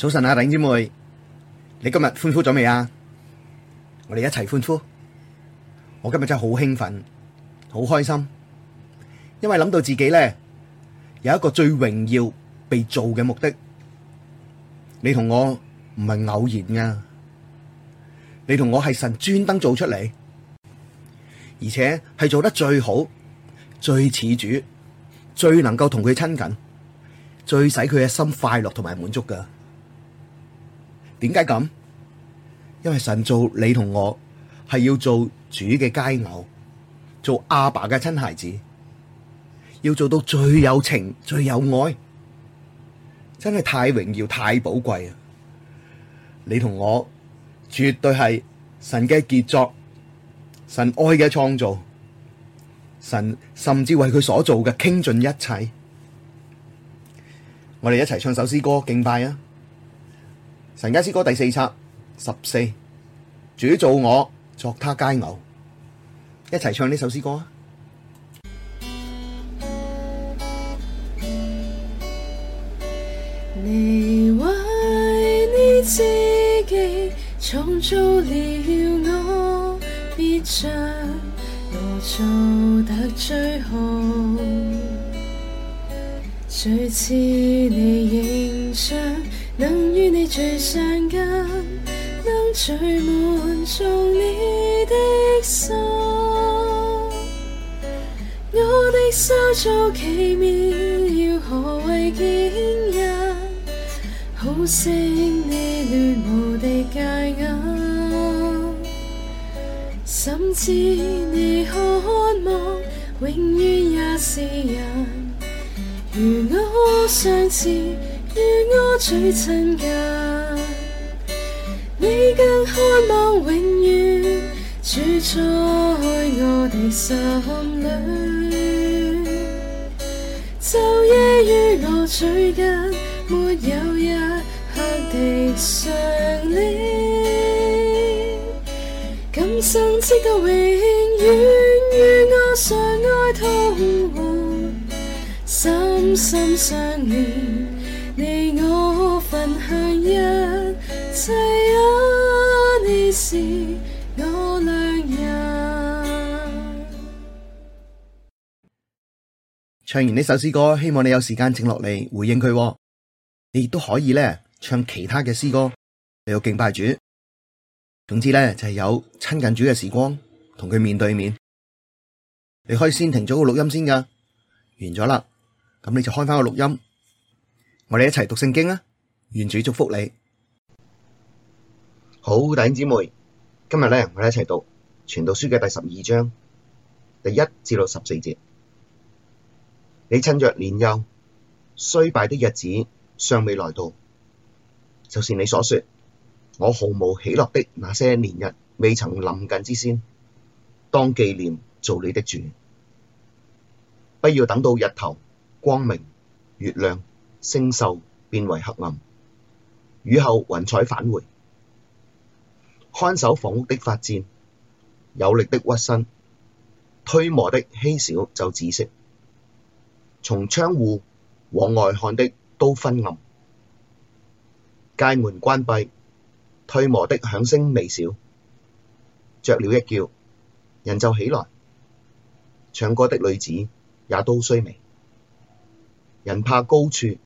早晨啊，頂姐妹，你今日歡呼咗未啊？我哋一齊歡呼！我今日真係好興奮、好開心，因為諗到自己咧有一個最榮耀被造嘅目的，你同我唔係偶然噶，你同我係神專登做出嚟，而且係做得最好、最似主、最能夠同佢親近、最使佢嘅心快樂同埋滿足噶。點解咁？因為神做你同我係要做主嘅佳偶，做阿爸嘅親孩子，要做到最有情、最有愛，真係太榮耀、太寶貴啊！你同我絕對係神嘅傑作，神愛嘅創造，神甚至為佢所做嘅傾盡一切。我哋一齊唱首詩歌敬拜啊！神家詩歌第四冊十四，主造我作他佳偶，一齊唱呢首詩歌啊！嗯、你為你自己創造了我，必將我造得最好，最似你形像。能與你最相近，能最滿足你的心。我的受造奇妙，可畏，驚人，好成你戀慕的佳偶，甚至你渴望永遠也是人。與我相似。我我與我最親近，你更渴望永遠住在我的心裡。晝夜與我最近，沒有一刻的相離。今生直到永遠與我相愛同活，心心相連。你我分享一切啊！你是我良人。唱完呢首詩歌，希望你有時間靜落嚟回應佢。你亦都可以咧唱其他嘅詩歌，你要敬拜主。總之咧就係、是、有親近主嘅時光，同佢面對面。你可以先停咗個錄音先㗎，完咗啦，咁你就開返個錄音。我哋一齊讀聖經啊！願主祝福你。好弟兄姊妹，今日咧，我哋一齊讀傳道書嘅第十二章第一至到十四節。你趁着年幼衰敗的日子尚未來到，就是你所說我毫無喜樂的那些年日未曾臨近之先，當記念造你的主，不要等到日頭光明、月亮。星宿變為黑暗，雨後雲彩反回。看守房屋的發顫，有力的屈身，推磨的稀少就止息。從窗戶往外看的都昏暗，街門關閉，推磨的響聲微小。雀鳥一叫，人就起來。唱歌的女子也都衰微。人怕高處。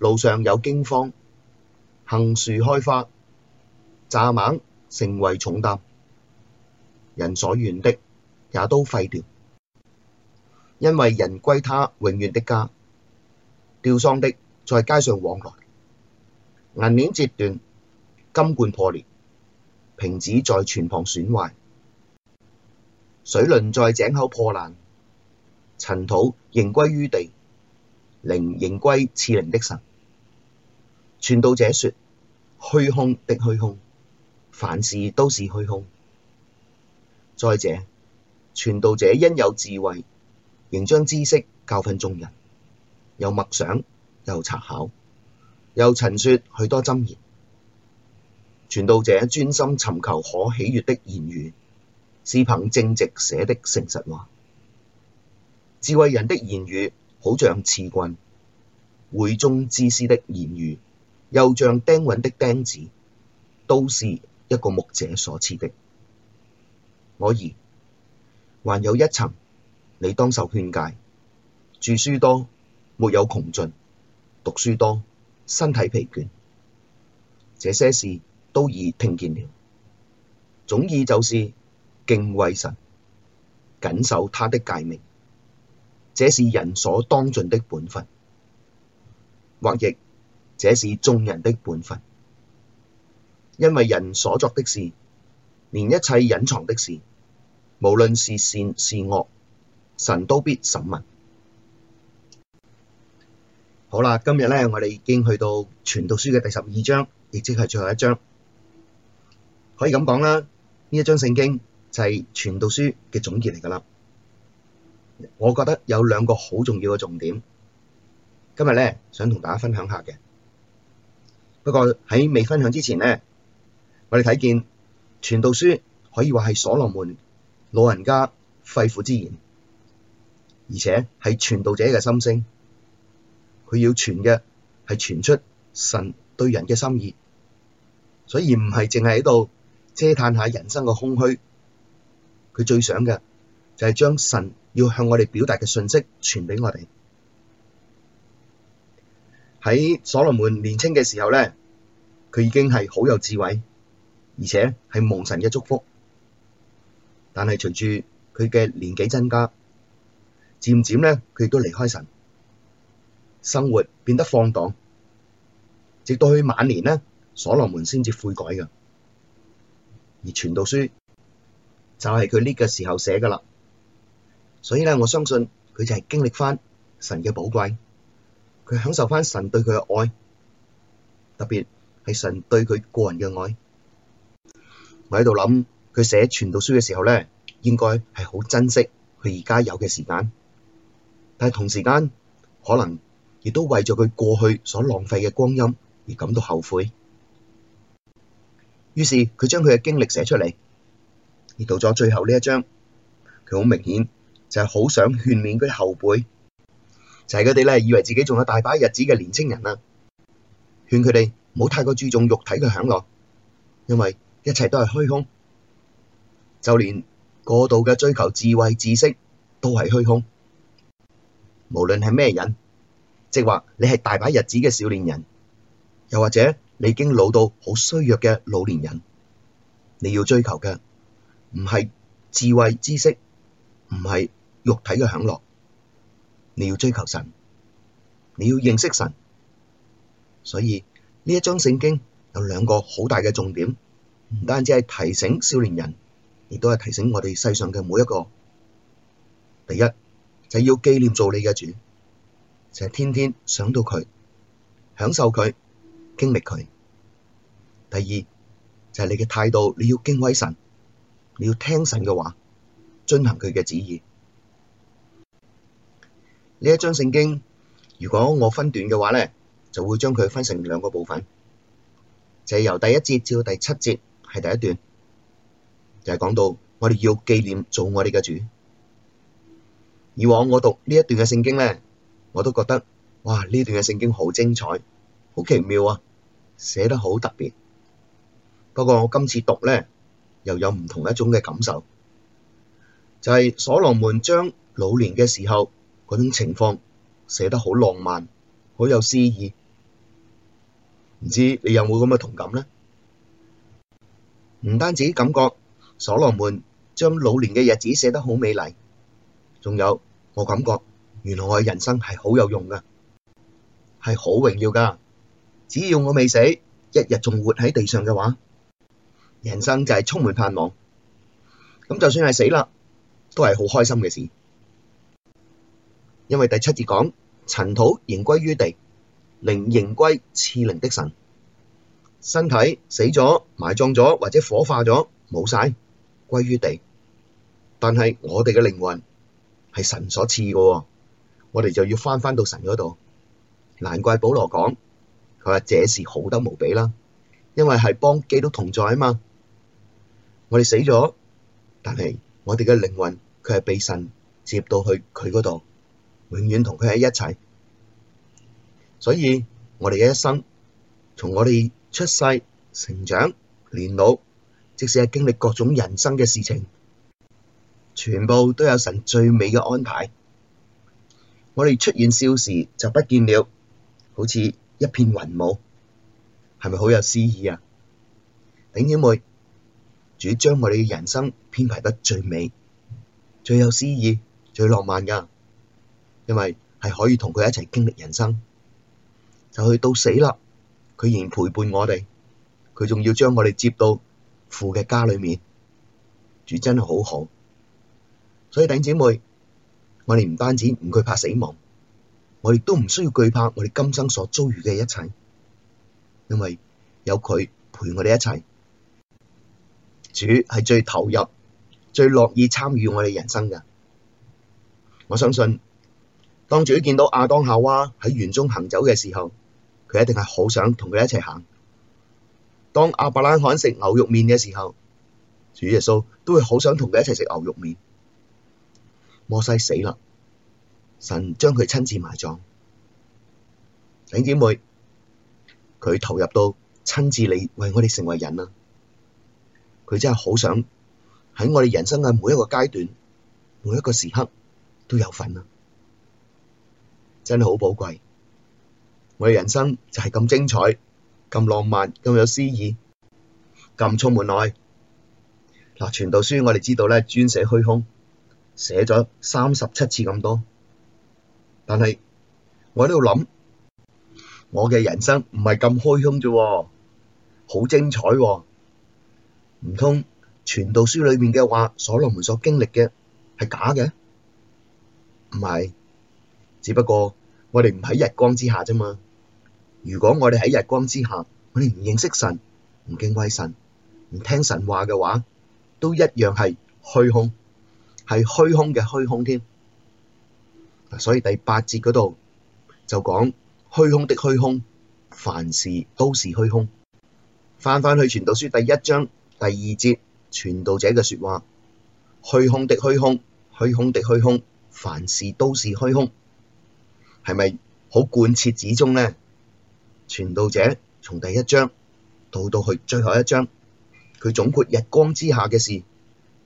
路上有驚慌，杏樹開花，蚱蜢成為重擔，人所願的也都廢掉，因為人歸他永遠的家。弔喪的在街上往來，銀鏈折斷，金罐破裂，瓶子在泉旁損壞，水輪在井口破爛，塵土仍歸於地，靈仍歸賜靈的神。傳道者説：虛空的虛空，凡事都是虛空。再者，傳道者因有智慧，仍將知識教訓眾人，又默想，又查考，又陳説許多箴言。傳道者專心尋求可喜悦的言語，是憑正直寫的誠實話。智慧人的言語好像刺棍，會中之師的言語。又像釘穩的釘子，都是一個牧者所賜的。我兒，還有一層，你當受勸戒：著書多，沒有窮盡；讀書多，身體疲倦。這些事都已聽見了。總意就是敬畏神，謹守他的誡命，這是人所當盡的本分，或譯。這是眾人的本分，因為人所作的事，連一切隱藏的事，無論是善是惡，神都必審問。好啦，今日咧，我哋已經去到傳道書嘅第十二章，亦即係最後一章，可以咁講啦。呢一章聖經就係傳道書嘅總結嚟㗎啦。我覺得有兩個好重要嘅重點，今日咧想同大家分享下嘅。不過喺未分享之前呢，我哋睇見傳道書可以話係所羅門老人家肺腑之言，而且係傳道者嘅心聲。佢要傳嘅係傳出神對人嘅心意，所以唔係淨係喺度嗟嘆下人生嘅空虛。佢最想嘅就係將神要向我哋表達嘅訊息傳畀我哋。喺所羅門年青嘅時候呢，佢已經係好有智慧，而且係蒙神嘅祝福。但係隨住佢嘅年紀增加，漸漸呢，佢亦都離開神，生活變得放蕩，直到去晚年呢，所羅門先至悔改噶。而傳道書就係佢呢個時候寫噶啦，所以呢，我相信佢就係經歷翻神嘅寶貴。佢享受返神對佢嘅愛，特別係神對佢個人嘅愛。我喺度諗，佢寫傳道書嘅時候咧，應該係好珍惜佢而家有嘅時間，但係同時間可能亦都為咗佢過去所浪費嘅光陰而感到後悔。於是佢將佢嘅經歷寫出嚟，而到咗最後呢一章，佢好明顯就係好想勸勉佢啲後輩。就係佢哋咧，以為自己仲有大把日子嘅年青人呀，勸佢哋唔好太過注重肉體嘅享樂，因為一切都係虛空，就連過度嘅追求智慧知識都係虛空。無論係咩人，即話你係大把日子嘅少年人，又或者你已經老到好衰弱嘅老年人，你要追求嘅唔係智慧知識，唔係肉體嘅享樂。你要追求神，你要認識神，所以呢一章聖經有兩個好大嘅重點，唔單止係提醒少年人，亦都係提醒我哋世上嘅每一個。第一就係要紀念造你嘅主，就係天天想到佢，享受佢，經歷佢。第二就係你嘅態度，你要敬畏神，你要聽神嘅話，遵行佢嘅旨意。呢一章聖經，如果我分段嘅話咧，就會將佢分成兩個部分，就係由第一節至到第七節係第一段，就係講到我哋要紀念做我哋嘅主。以往我讀呢一段嘅聖經咧，我都覺得哇，呢段嘅聖經好精彩，好奇妙啊，寫得好特別。不過我今次讀咧，又有唔同一種嘅感受，就係所羅門將老年嘅時候。嗰種情況寫得好浪漫，好有詩意。唔知你有冇咁嘅同感呢？唔單止感覺，所羅門將老年嘅日子寫得好美麗，仲有我感覺，原來我嘅人生係好有用嘅，係好榮耀㗎。只要我未死，一日仲活喺地上嘅話，人生就係充滿盼望。咁就算係死啦，都係好開心嘅事。因為第七節講，塵土仍歸於地，靈仍歸賜靈的神。身體死咗埋葬咗或者火化咗冇晒歸於地，但係我哋嘅靈魂係神所賜嘅，我哋就要翻返到神嗰度。難怪保羅講，佢話，這是好得無比啦，因為係幫基督同在啊嘛。我哋死咗，但係我哋嘅靈魂佢係被神接到去佢嗰度。永遠同佢喺一齊，所以我哋嘅一生，從我哋出世、成長、年老，即使係經歷各種人生嘅事情，全部都有神最美嘅安排。我哋出現少時就不見了，好似一片雲霧，係咪好有詩意啊？頂小妹，主將我哋嘅人生編排得最美、最有詩意、最浪漫噶。因為係可以同佢一齊經歷人生，就去到死啦，佢仍然陪伴我哋，佢仲要將我哋接到父嘅家裏面，主真係好好，所以頂姐妹，我哋唔單止唔懼怕死亡，我哋都唔需要懼怕我哋今生所遭遇嘅一切，因為有佢陪我哋一齊，主係最投入、最樂意參與我哋人生噶，我相信。當主見到亞當夏娃喺園中行走嘅時候，佢一定係好想同佢一齊行。當亞伯拉罕食牛肉麵嘅時候，主耶穌都會好想同佢一齊食牛肉麵。摩西死啦，神將佢親自埋葬。弟兄姊妹，佢投入到親自嚟為我哋成為人啊！佢真係好想喺我哋人生嘅每一個階段、每一個時刻都有份啊！真係好寶貴，我嘅人生就係咁精彩、咁浪漫、咁有詩意、咁充滿愛。嗱，傳道書我哋知道咧，專寫虛空，寫咗三十七次咁多。但係我喺度諗，我嘅人生唔係咁虛空啫，好精彩喎，啊。唔通傳道書裏面嘅話，所羅門所經歷嘅係假嘅？唔係，只不過，我哋唔喺日光之下啫嘛。如果我哋喺日光之下，我哋唔認識神、唔敬畏神、唔聽神話嘅話，都一樣係虛空，係虛空嘅虛空添。所以第八節嗰度就講虛空的虛空，凡事都是虛空。翻返去《傳道書》第一章第二節，傳道者嘅說話：虛空的虛空，虛空的虛空，凡事都是虛空。係咪好貫徹始終呢？傳道者從第一章到到去最後一章，佢總括日光之下嘅事，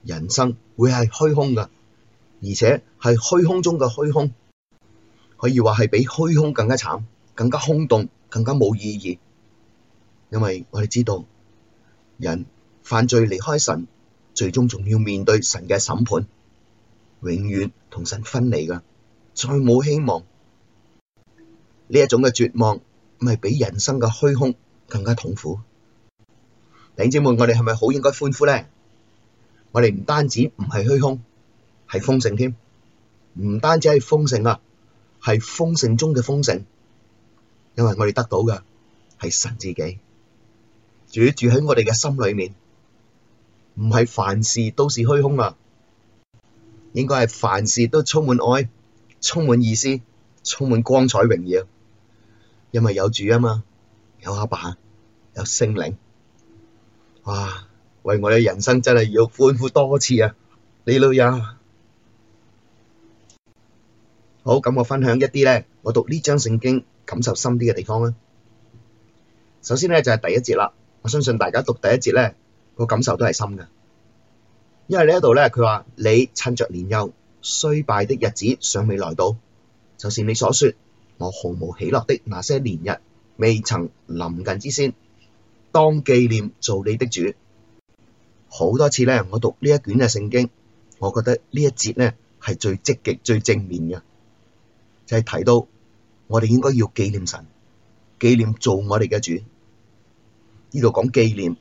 人生會係虛空噶，而且係虛空中嘅虛空，可以話係比虛空更加慘、更加空洞、更加冇意義。因為我哋知道，人犯罪離開神，最終仲要面對神嘅審判，永遠同神分離噶，再冇希望。呢一種嘅絕望，咪比人生嘅虛空更加痛苦。弟姐們，我哋係咪好應該歡呼咧？我哋唔單止唔係虛空，係豐盛添。唔單止係豐盛啊，係豐盛中嘅豐盛。因為我哋得到嘅係神自己，主住喺我哋嘅心裏面，唔係凡事都是虛空啊。應該係凡事都充滿愛，充滿意思，充滿光彩榮耀。因為有主啊嘛，有阿爸，有聖靈，哇！為我嘅人生真係要歡呼多次啊！你老友，好，咁我分享一啲咧，我讀呢章聖經感受深啲嘅地方啊。首先咧就係第一節啦，我相信大家讀第一節咧個感受都係深噶，因為呢一度咧佢話，你趁着年幼衰敗的日子尚未來到，就是你所說，我毫無喜樂的那些年日，未曾臨近之先，當紀念造你的主。好多次呢。我讀呢一卷嘅聖經，我覺得呢一節呢係最積極、最正面嘅，就係提到我哋應該要紀念神，紀念造我哋嘅主。呢度講紀念，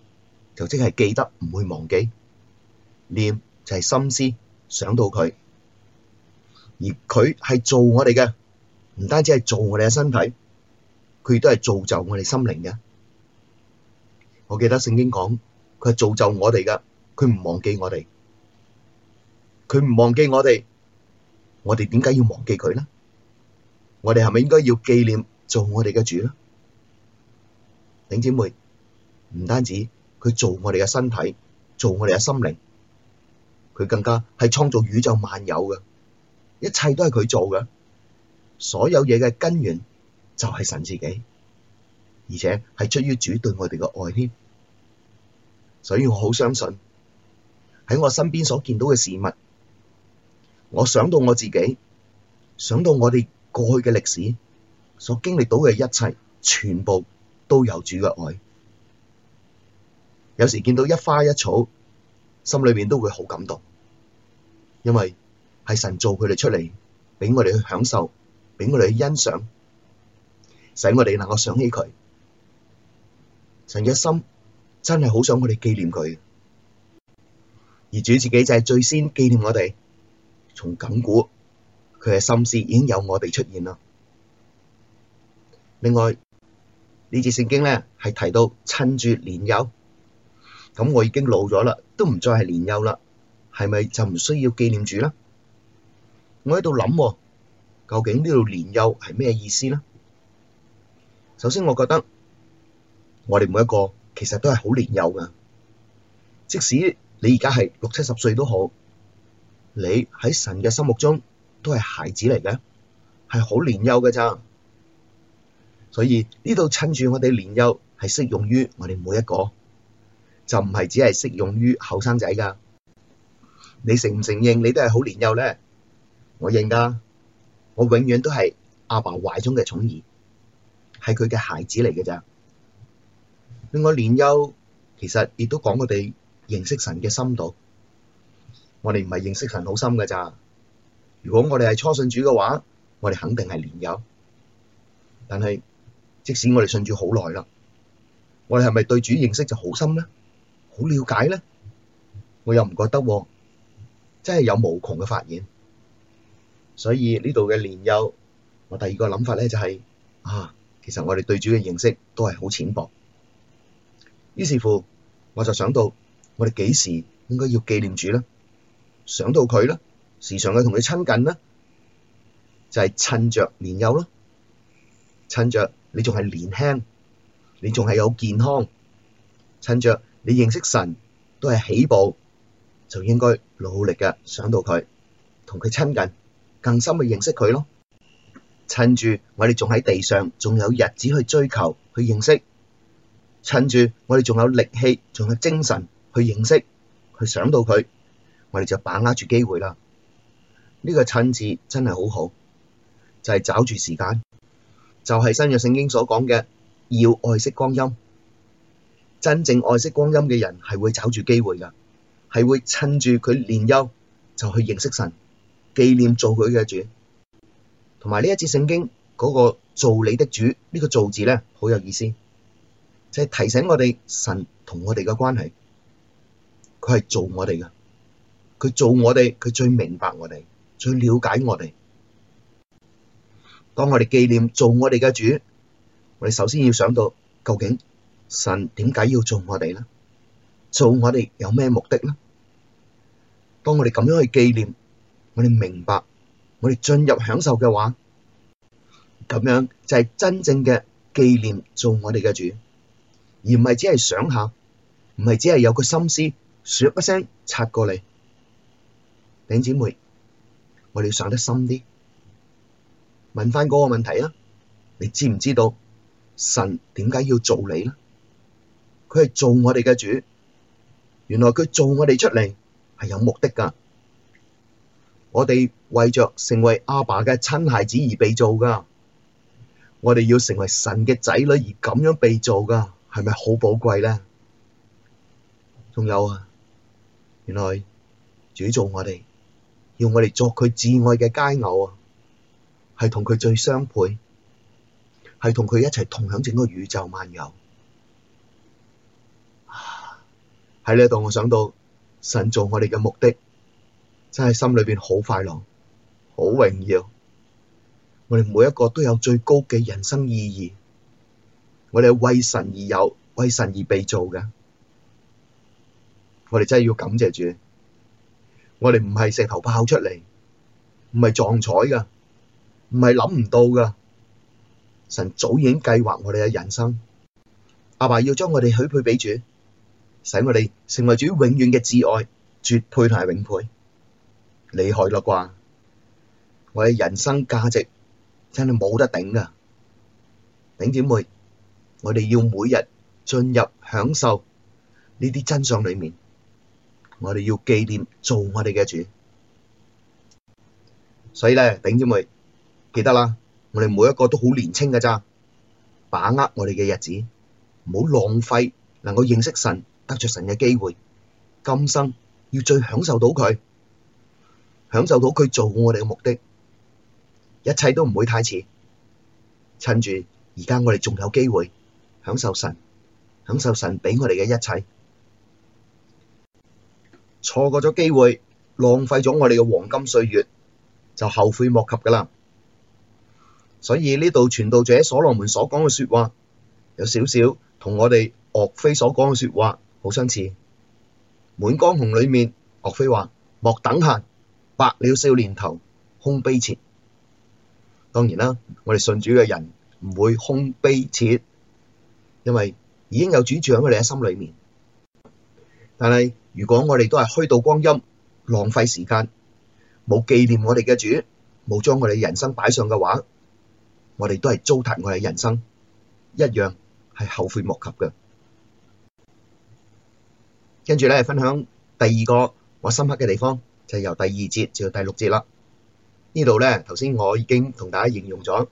就即係記得，唔會忘記。念就係心思想到佢，而佢係造我哋嘅。唔單止係造我哋嘅身體，佢亦都係造就我哋心靈嘅。我記得聖經講，佢係造就我哋噶佢唔忘記我哋，佢唔忘記我哋，我哋點解要忘記佢呢？我哋係咪應該要紀念造我哋嘅主呢？弟兄姊妹，唔單止佢造我哋嘅身體，造我哋嘅心靈，佢更加係創造宇宙萬有嘅，一切都係佢做嘅。所有嘢嘅根源就係、是、神自己，而且係出於主對我哋嘅愛添。所以我好相信喺我身邊所見到嘅事物，我想到我自己，想到我哋過去嘅歷史所經歷到嘅一切，全部都有主嘅愛。有時見到一花一草，心裏面都會好感動，因為係神造佢哋出嚟畀我哋去享受。俾我哋去欣賞，使我哋能夠想起佢。神嘅心真係好想我哋紀念佢，而主自己就係最先紀念我哋。從亙古，佢嘅心思已經有我哋出現啦。另外呢次聖經咧係提到趁住年幼，咁我已經老咗啦，都唔再係年幼啦，係咪就唔需要紀念主啦？我喺度諗。究竟呢度年幼係咩意思呢？首先，我覺得我哋每一個其實都係好年幼噶，即使你而家係六七十歲都好，你喺神嘅心目中都係孩子嚟嘅，係好年幼㗎咋。所以呢度趁住我哋年幼係適用於我哋每一個，就唔係只係適用於後生仔噶。你承唔承認你都係好年幼呢？我認噶。我永遠都係阿爸懷中嘅寵兒，係佢嘅孩子嚟嘅咋。另外，年幼其實亦都講我哋認識神嘅深度。我哋唔係認識神好深嘅咋。如果我哋係初信主嘅話，我哋肯定係年幼。但係即使我哋信主好耐啦，我哋係咪對主認識就好深咧？好了解咧？我又唔覺得喎，啊，真係有無窮嘅發現。所以呢度嘅年幼，我第二個諗法咧就係啊，其實我哋對主嘅認識都係好淺薄。於是乎，我就想到我哋幾時應該要紀念主咧，想到佢咧，時常去同佢親近咧，就係趁着年幼咯，趁着你仲係年輕，你仲係有健康，趁着你認識神都係起步，就應該努力嘅想到佢，同佢親近。更深去認識佢咯，趁住我哋仲喺地上，仲有日子去追求去認識，趁住我哋仲有力氣，仲有精神去認識，去想到佢，我哋就把握住機會啦。呢個趁字真係好好，就係找住時間，就係新約聖經所講嘅要愛惜光陰。真正愛惜光陰嘅人係會找住機會噶，係會趁住佢年幼就去認識神，紀念造佢嘅主，同埋呢一節聖經嗰、那個造你的主呢、這個造字咧，好有意思，就係、是、提醒我哋神同我哋嘅關係，佢係造我哋嘅，佢造我哋，佢最明白我哋，最了解我哋。當我哋紀念造我哋嘅主，我哋首先要想到究竟神點解要造我哋咧？造我哋有咩目的咧？當我哋咁樣去紀念。我哋明白，我哋進入享受嘅話，咁樣就係真正嘅紀念做我哋嘅主，而唔係只係想下，唔係只係有個心思，說一聲插過嚟。弟兄姊妹，我哋要想得深啲，問翻嗰個問題啦，你知唔知道神點解要做你咧？佢係做我哋嘅主，原來佢做我哋出嚟係有目的噶。我哋為着成為阿爸嘅親孩子而被造噶，我哋要成為神嘅仔女而咁樣被造噶，係咪好寶貴咧？仲有啊，原來主造我哋，要我哋作佢至愛嘅佳偶啊，係同佢最相配，係同佢一齊同響整個宇宙漫遊。喺呢度，我想到神造我哋嘅目的。真係心裏邊好快樂，好榮耀。我哋每一個都有最高嘅人生意義。我哋係為神而有，為神而被造嘅。我哋真係要感謝主。我哋唔係石頭爆出嚟，唔係撞彩噶，唔係諗唔到噶。神早已經計劃我哋嘅人生。阿爸要將我哋許配俾主，使我哋成為主永遠嘅摯愛、絕配同埋永配。厲害啦啩！我嘅人生價值真係冇得頂噶，頂姐妹，我哋要每日進入享受呢啲真相裏面，我哋要紀念造我哋嘅主。所以呢，頂姐妹記得啦，我哋每一個都好年青噶咋，把握我哋嘅日子，唔好浪費能夠認識神、得着神嘅機會，今生要最享受到佢。享受到佢做我哋嘅目的，一切都唔會太遲。趁住而家我哋仲有機會享受神、享受神畀我哋嘅一切，錯過咗機會，浪費咗我哋嘅黃金歲月，就後悔莫及㗎喇。所以呢度傳道者所羅門所講嘅說話，有少少同我哋岳飛所講嘅說話好相似。滿江紅裏面岳飛話，莫等閒。白了少年頭，空悲切。當然啦，我哋信主嘅人唔會空悲切，因為已經有主住喺我哋嘅心裏面。但係如果我哋都係虛度光陰，浪費時間，冇紀念我哋嘅主，冇將我哋人生擺上嘅話，我哋都係糟蹋我哋嘅人生，一樣係後悔莫及嘅。跟住咧，分享第二個我深刻嘅地方。就由第二節至到第六節啦。呢度咧，頭先我已經同大家形容咗，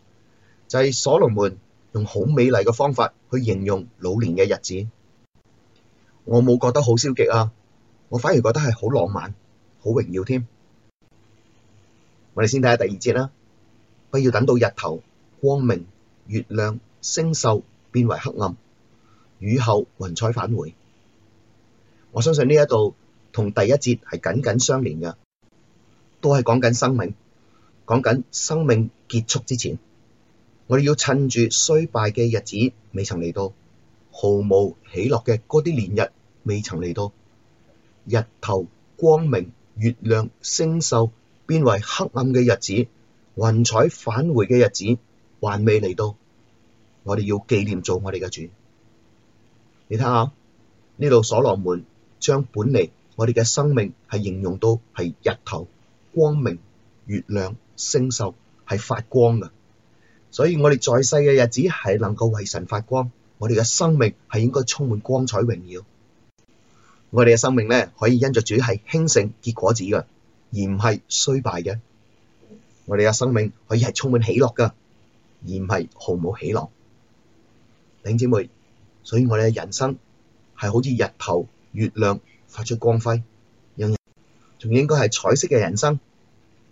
就係所羅門用好美麗嘅方法去形容老年嘅日子。我冇覺得好消極啊，我反而覺得係好浪漫、好榮耀添。我哋先睇下第二節啦。不要等到日頭光明、月亮星宿變為黑暗、雨後雲彩返回。我相信呢一度。同第一節係緊緊相連嘅，都係講緊生命，講緊生命結束之前，我哋要趁住衰敗嘅日子未曾嚟到，毫無喜樂嘅嗰啲年日未曾嚟到，日頭光明、月亮星宿變為黑暗嘅日子，雲彩返回嘅日子還未嚟到，我哋要紀念造我哋嘅主。你睇下呢度，所羅門將本嚟。我哋嘅生命係形容到係日頭、光明、月亮、星宿係發光嘅，所以我哋在世嘅日子係能夠為神發光，我哋嘅生命係應該充滿光彩榮耀。我哋嘅生命咧可以因着主係興盛結果子嘅，而唔係衰敗嘅。我哋嘅生命可以係充滿喜樂嘅，而唔係毫無喜樂。弟兄姊妹，所以我哋嘅人生係好似日頭、月亮，發出光輝，仲應該係彩色嘅人生，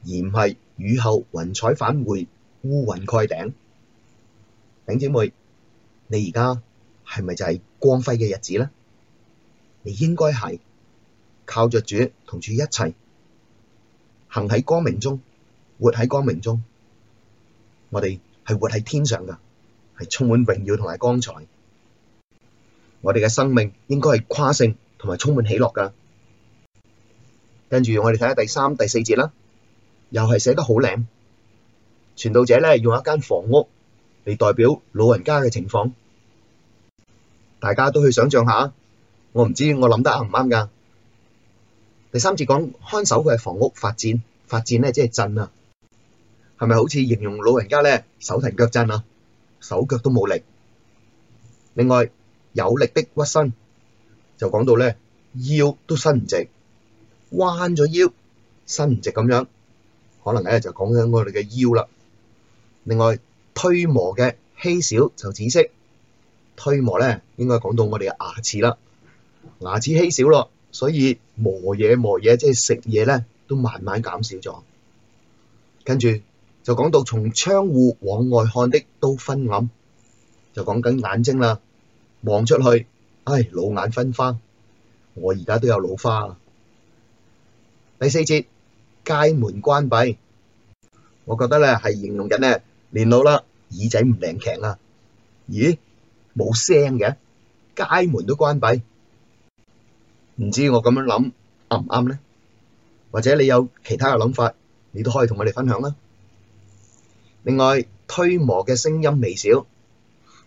而唔係雨後雲彩反回烏雲蓋頂。頂姐妹，你而家係咪就係光輝嘅日子咧？你應該係靠著主同住一切，行喺光明中，活喺光明中。我哋係活喺天上㗎，係充滿榮耀同埋光彩。我哋嘅生命應該係誇勝，同埋充滿喜樂噶，跟住我哋睇下第三、第四節啦，又係寫得好靚。傳道者咧，用一間房屋嚟代表老人家嘅情況，大家都去想像下。我唔知我諗得啱唔啱㗎。第三節講，看守佢嘅房屋發顫，發顫咧即係震啊，係咪好似形容老人家咧手騰腳震啊，手腳都冇力？另外，有力的屈身。就講到咧，腰都伸唔直，彎咗腰，伸唔直咁樣，可能咧就講緊我哋嘅腰啦。另外，推磨嘅稀少就止息，推磨咧應該講到我哋嘅牙齒啦，牙齒稀少咯，所以磨嘢磨嘢，即係食嘢咧都慢慢減少咗。跟住就講到從窗戶往外看的都昏暗，就講緊眼睛啦，望出去。唉、哎，老眼昏花，我而家都有老花啦。第四節，街門關閉，我覺得咧係形容人咧年老啦，耳仔唔靈強啊。咦，冇聲嘅，街門都關閉，唔知我咁樣諗啱唔啱咧？或者你有其他嘅諗法，你都可以同我哋分享啦。另外，推磨嘅聲音微小，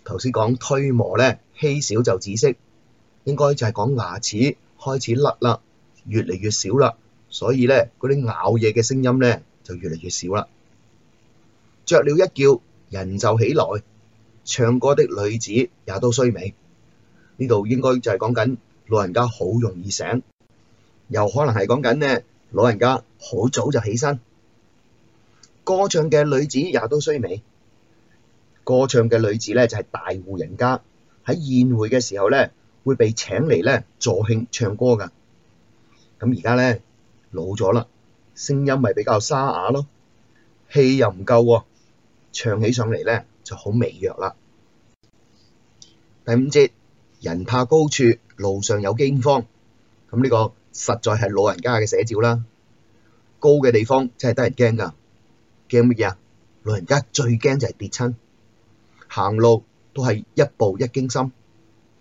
頭先講推磨咧稀少就止息。應該就係講牙齒開始甩啦，越嚟越少啦，所以咧嗰啲咬嘢嘅聲音咧就越嚟越少啦。雀鳥一叫，人就起來，唱歌的女子也都衰微。呢度應該就係講緊老人家好容易醒，又可能係講緊咧老人家好早就起身。歌唱嘅女子也都衰微。歌唱嘅女子咧就係大戶人家喺宴會嘅時候咧。會被請嚟呢助興唱歌㗎，咁而家呢，老咗啦，聲音咪比較沙啞咯，氣又唔夠喎、啊，唱起上嚟呢就好微弱啦。第五節，人怕高處，路上有驚慌。咁呢個實在係老人家嘅寫照啦。高嘅地方真係得人驚㗎，驚乜嘢啊？老人家最驚就係跌親，行路都係一步一驚心。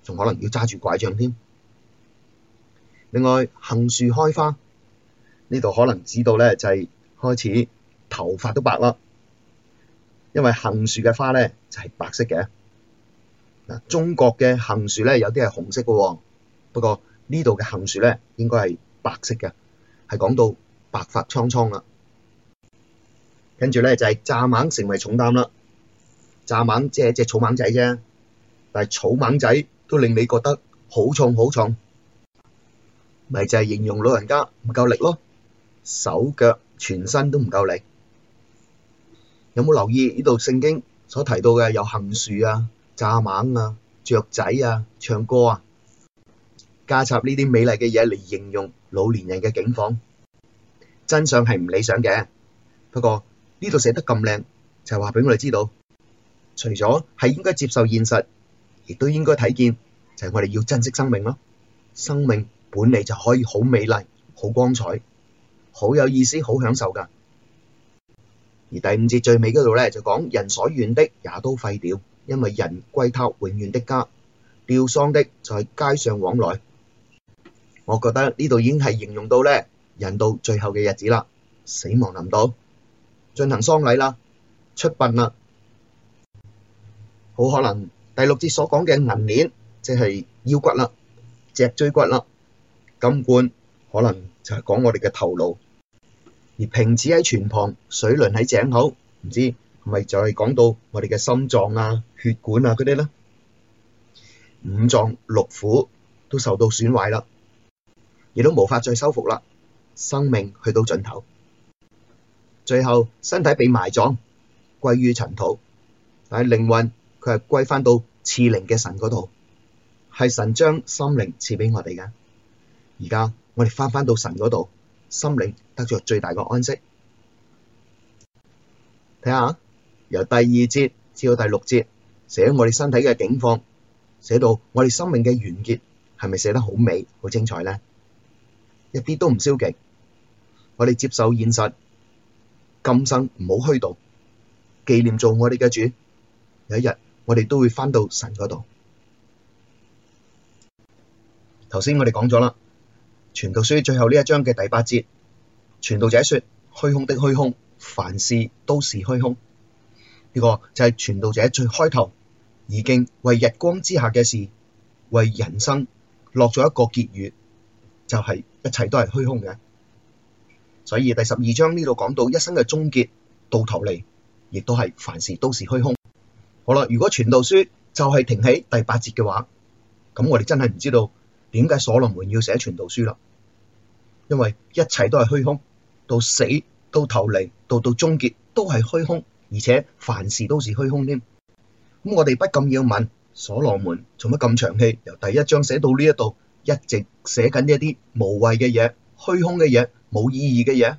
仲可能要揸住拐杖添。另外，杏樹開花呢度可能指到咧，就係開始頭髮都白啦，因為杏樹嘅花咧就係白色嘅。嗱，中國嘅杏樹咧有啲係紅色嘅喎，不過呢度嘅杏樹咧應該係白色嘅，係講到白髮蒼蒼啦。跟住咧就係蚱蜢成為重擔啦，蚱蜢即係隻草蜢仔啫，但係草蜢仔，都令你覺得好重好重，咪就係形容老人家唔夠力咯，手腳全身都唔夠力。有冇留意呢度聖經所提到嘅有杏樹啊、蚱蜢啊、雀仔啊、唱歌啊，加插呢啲美麗嘅嘢嚟形容老年人嘅境況？真相係唔理想嘅，不過呢度寫得咁靚，就係話俾我哋知道，除咗係應該接受現實。亦都應該睇見，就係我哋要珍惜生命咯。生命本嚟就可以好美麗、好光彩、好有意思、好享受噶。而第五節最尾嗰度咧，就講人所願的也都廢掉，因為人歸他永遠的家。弔喪的在街上往來，我覺得呢度已經係形容到咧，人到最後嘅日子啦，死亡臨到，進行喪禮啦，出殯啦，好可能。第六節所講嘅銀鏈，即係腰骨啦、脊椎骨啦、金罐，可能就係講我哋嘅頭顱；而瓶子喺泉旁，水輪喺井口，唔知係咪就係講到我哋嘅心臟啊、血管啊嗰啲咧。五臟六腑都受到損壞啦，亦都無法再修復啦，生命去到盡頭，最後身體被埋葬，歸於塵土，但係靈魂。佢係歸返到賜靈嘅神嗰度，係神將心靈賜畀我哋嘅。而家我哋翻返到神嗰度，心靈得咗最大嘅安息。睇下由第二節至到第六節，寫我哋身體嘅境況，寫到我哋生命嘅完結，係咪寫得好美、好精彩呢？一啲都唔消極。我哋接受現實，今生唔好虛度，紀念做我哋嘅主，有一日，我哋都會翻到神嗰度。頭先我哋講咗啦，《傳道書》最後呢一章嘅第八節，傳道者說：虛空的虛空，凡事都是虛空。呢個就係傳道者最開頭已經為日光之下嘅事，為人生落咗一個結語，就係一切都係虛空嘅。所以第十二章呢度講到一生嘅終結，到頭嚟亦都係凡事都是虛空。好啦，如果傳道書就係停喺第八節嘅話，咁我哋真係唔知道點解所羅門要寫傳道書啦。因為一切都係虛空，到死到頭嚟到到終結都係虛空，而且凡事都是虛空添。咁我哋不禁要問：所羅門做乜咁長氣？由第一章寫到呢一度，一直寫緊呢一啲無謂嘅嘢、虛空嘅嘢、冇意義嘅嘢，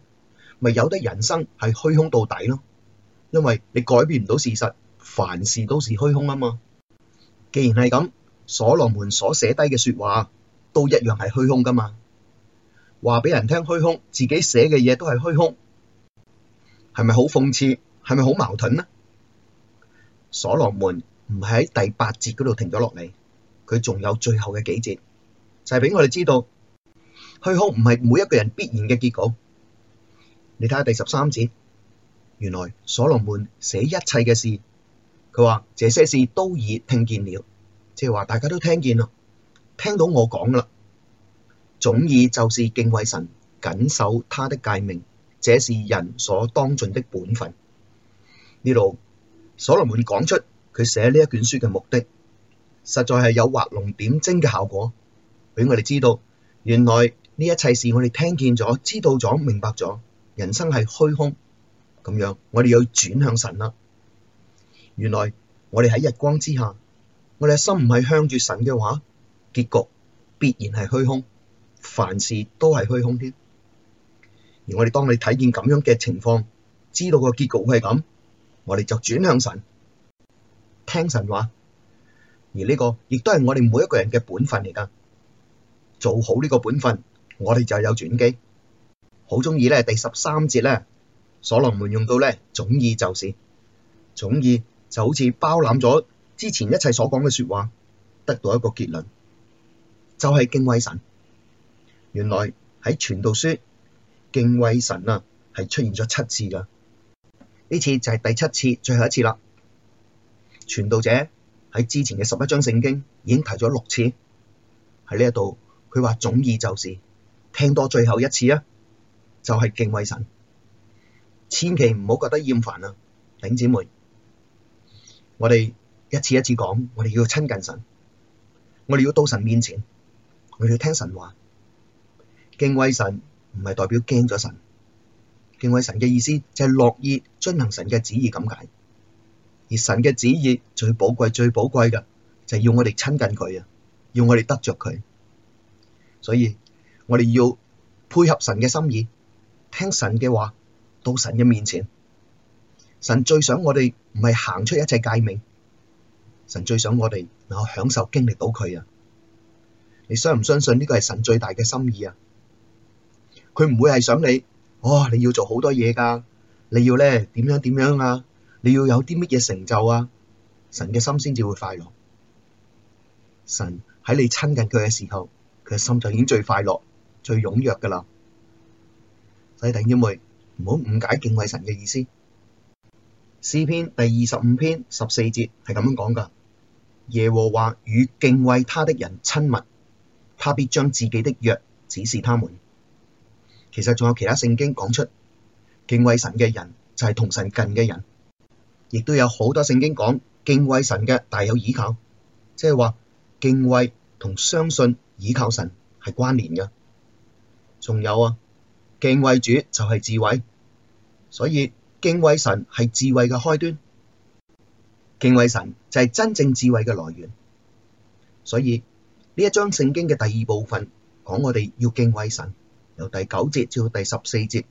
咪有得人生係虛空到底咯？因為你改變唔到事實。凡事都是虛空啊嘛。既然係咁，所羅門所寫低嘅說話都一樣係虛空噶嘛。話俾人聽虛空，自己寫嘅嘢都係虛空，係咪好諷刺？係咪好矛盾呢？所羅門唔喺第八節嗰度停咗落嚟，佢仲有最後嘅幾節，就係俾我哋知道虛空唔係每一個人必然嘅結果。你睇下第十三節，原來所羅門寫一切嘅事。佢話，這些事都已聽見了，即係話大家都聽見啦，聽到我講噶啦，總意就是敬畏神，謹守他的誡命，這是人所當盡的本分。呢度所羅門講出佢寫呢一卷書嘅目的，實在係有畫龍點睛嘅效果，俾我哋知道，原來呢一切事我哋聽見咗，知道咗，明白咗，人生係虛空，咁樣我哋要轉向神啦。原來我哋喺日光之下，我哋嘅心唔係向住神嘅話，結局必然係虛空，凡事都係虛空添。而我哋當你睇見咁樣嘅情況，知道個結局會係咁，我哋就轉向神，聽神話。而呢個亦都係我哋每一個人嘅本分嚟噶，做好呢個本分，我哋就有轉機。好中意咧，第十三節咧，所羅門用到咧總意就是：總意。就好似包攬咗之前一切所講嘅說話，得到一個結論，就係、是、敬畏神。原來喺傳道書敬畏神啊，係出現咗七次啦。呢次就係第七次，最後一次啦。傳道者喺之前嘅十一章聖經已經提咗六次，喺呢一度佢話總意就是聽多最後一次啊，就係、是、敬畏神。千祈唔好覺得厭煩啦，啊，頂姊妹。我哋一次一次講，我哋要親近神，我哋要到神面前，我哋要聽神話，敬畏神唔係代表驚咗神，敬畏神嘅意思就係樂意遵行神嘅旨意咁解。而神嘅旨意最寶貴、最寶貴嘅就係要我哋親近佢啊，要我哋得着佢。所以我哋要配合神嘅心意，聽神嘅話，到神嘅面前。神最想我哋唔係行出一切誡命，神最想我哋能夠享受經歷到佢啊！你相唔相信呢個係神最大嘅心意啊？佢唔會係想你哦，你要做好多嘢噶，你要咧點樣點樣啊？你要有啲乜嘢成就啊？神嘅心先至會快樂。神喺你親近佢嘅時候，佢嘅心就已經最快樂、最踴躍噶啦。所以弟兄妹，唔好誤解敬畏神嘅意思。詩篇第二十五篇十四節係咁樣講噶：耶和華與敬畏他的人親密，他必將自己的約指示他們。其實仲有其他聖經講出敬畏神嘅人就係同神近嘅人，亦都有好多聖經講敬畏神嘅大有倚靠，即係話敬畏同相信倚靠神係關聯噶。仲有啊，敬畏主就係智慧，所以。敬畏神係智慧嘅開端，敬畏神就係真正智慧嘅來源。所以呢一章聖經嘅第二部分講我哋要敬畏神，由第九節至到第十四節，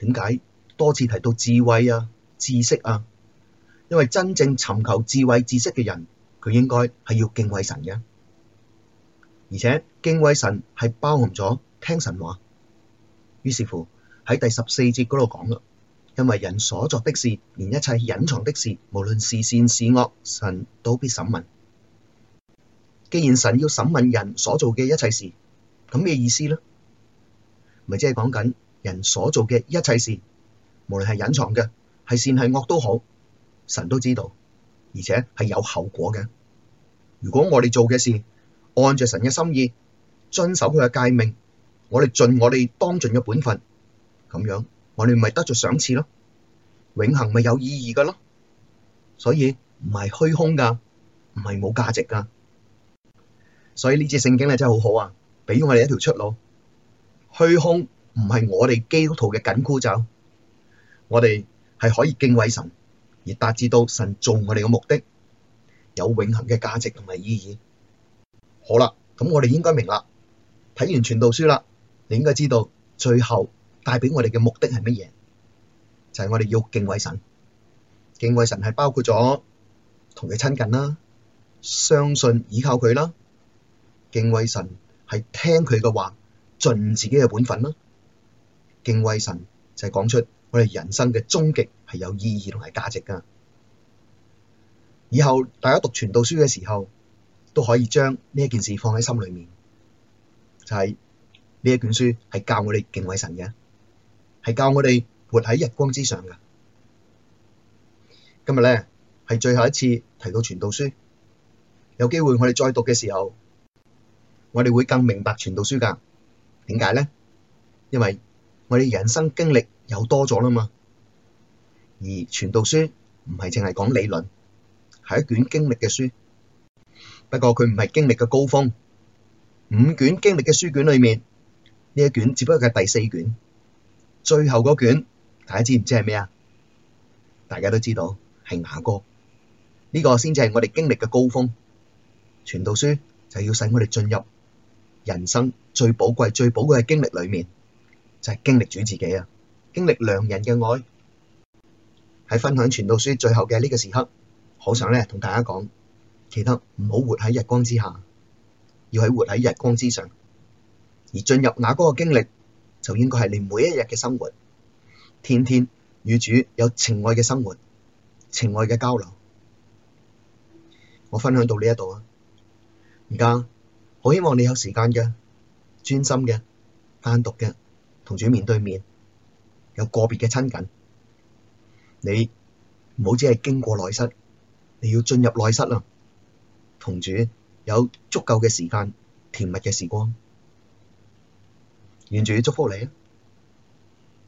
點解？多次提到智慧啊、知識啊？因為真正尋求智慧、知識嘅人，佢應該係要敬畏神嘅。而且敬畏神係包含咗聽神話。於是乎喺第十四節嗰度講啦。因為人所作的事，連一切隱藏的事，無論是善是惡，神都必審問。既然神要審問人所做嘅一切事，咁咩意思呢？咪即係講緊人所做嘅一切事，無論係隱藏嘅，係善係惡都好，神都知道，而且係有後果嘅。如果我哋做嘅事按着神嘅心意，遵守佢嘅誡命，我哋盡我哋當盡嘅本分，咁樣。我哋咪得咗賞賜咯，永恆咪有意義噶咯，所以唔係虛空噶，唔係冇價值噶，所以呢節聖經咧真係好好啊，俾我哋一條出路。虛空唔係我哋基督徒嘅緊箍咒，我哋係可以敬畏神而達至到神做我哋嘅目的，有永恆嘅價值同埋意義。好啦，咁我哋應該明啦，睇完傳道書啦，你應該知道最後。帶畀我哋嘅目的係乜嘢？就係我哋要敬畏神，敬畏神係包括咗同佢親近啦，相信依靠佢啦，敬畏神係聽佢嘅話，盡自己嘅本分啦。敬畏神就係講出我哋人生嘅終極係有意義同埋價值㗎。以後大家讀傳道書嘅時候，都可以將呢一件事放喺心裏面，就係呢一卷書係教我哋敬畏神嘅。係教我哋活喺日光之上噶。今日咧，係最後一次提到傳道書，有機會我哋再讀嘅時候，我哋會更明白傳道書噶。點解咧？因為我哋人生經歷又多咗啦嘛。而傳道書唔係淨係講理論，係一卷經歷嘅書。不過佢唔係經歷嘅高峰，五卷經歷嘅書卷裏面，呢一卷只不過係第四卷。最後嗰卷，大家知唔知係咩啊？大家都知道係雅歌。呢個先至係我哋經歷嘅高峰。傳道書就要使我哋進入人生最寶貴、最寶貴嘅經歷裏面，就係、是、經歷主自己啊，經歷良人嘅愛。喺分享傳道書最後嘅呢個時刻，好想咧同大家講，記得唔好活喺日光之下，要喺活喺日光之上，而進入雅歌嘅經歷。就應該係你每一日嘅生活，天天與主有情愛嘅生活，情愛嘅交流。我分享到呢一度啊，而家好希望你有時間嘅、專心嘅、單獨嘅，同主面對面，有個別嘅親近。你唔好只係經過內室，你要進入內室啦，同主有足夠嘅時間、甜蜜嘅時光。願主祝福你。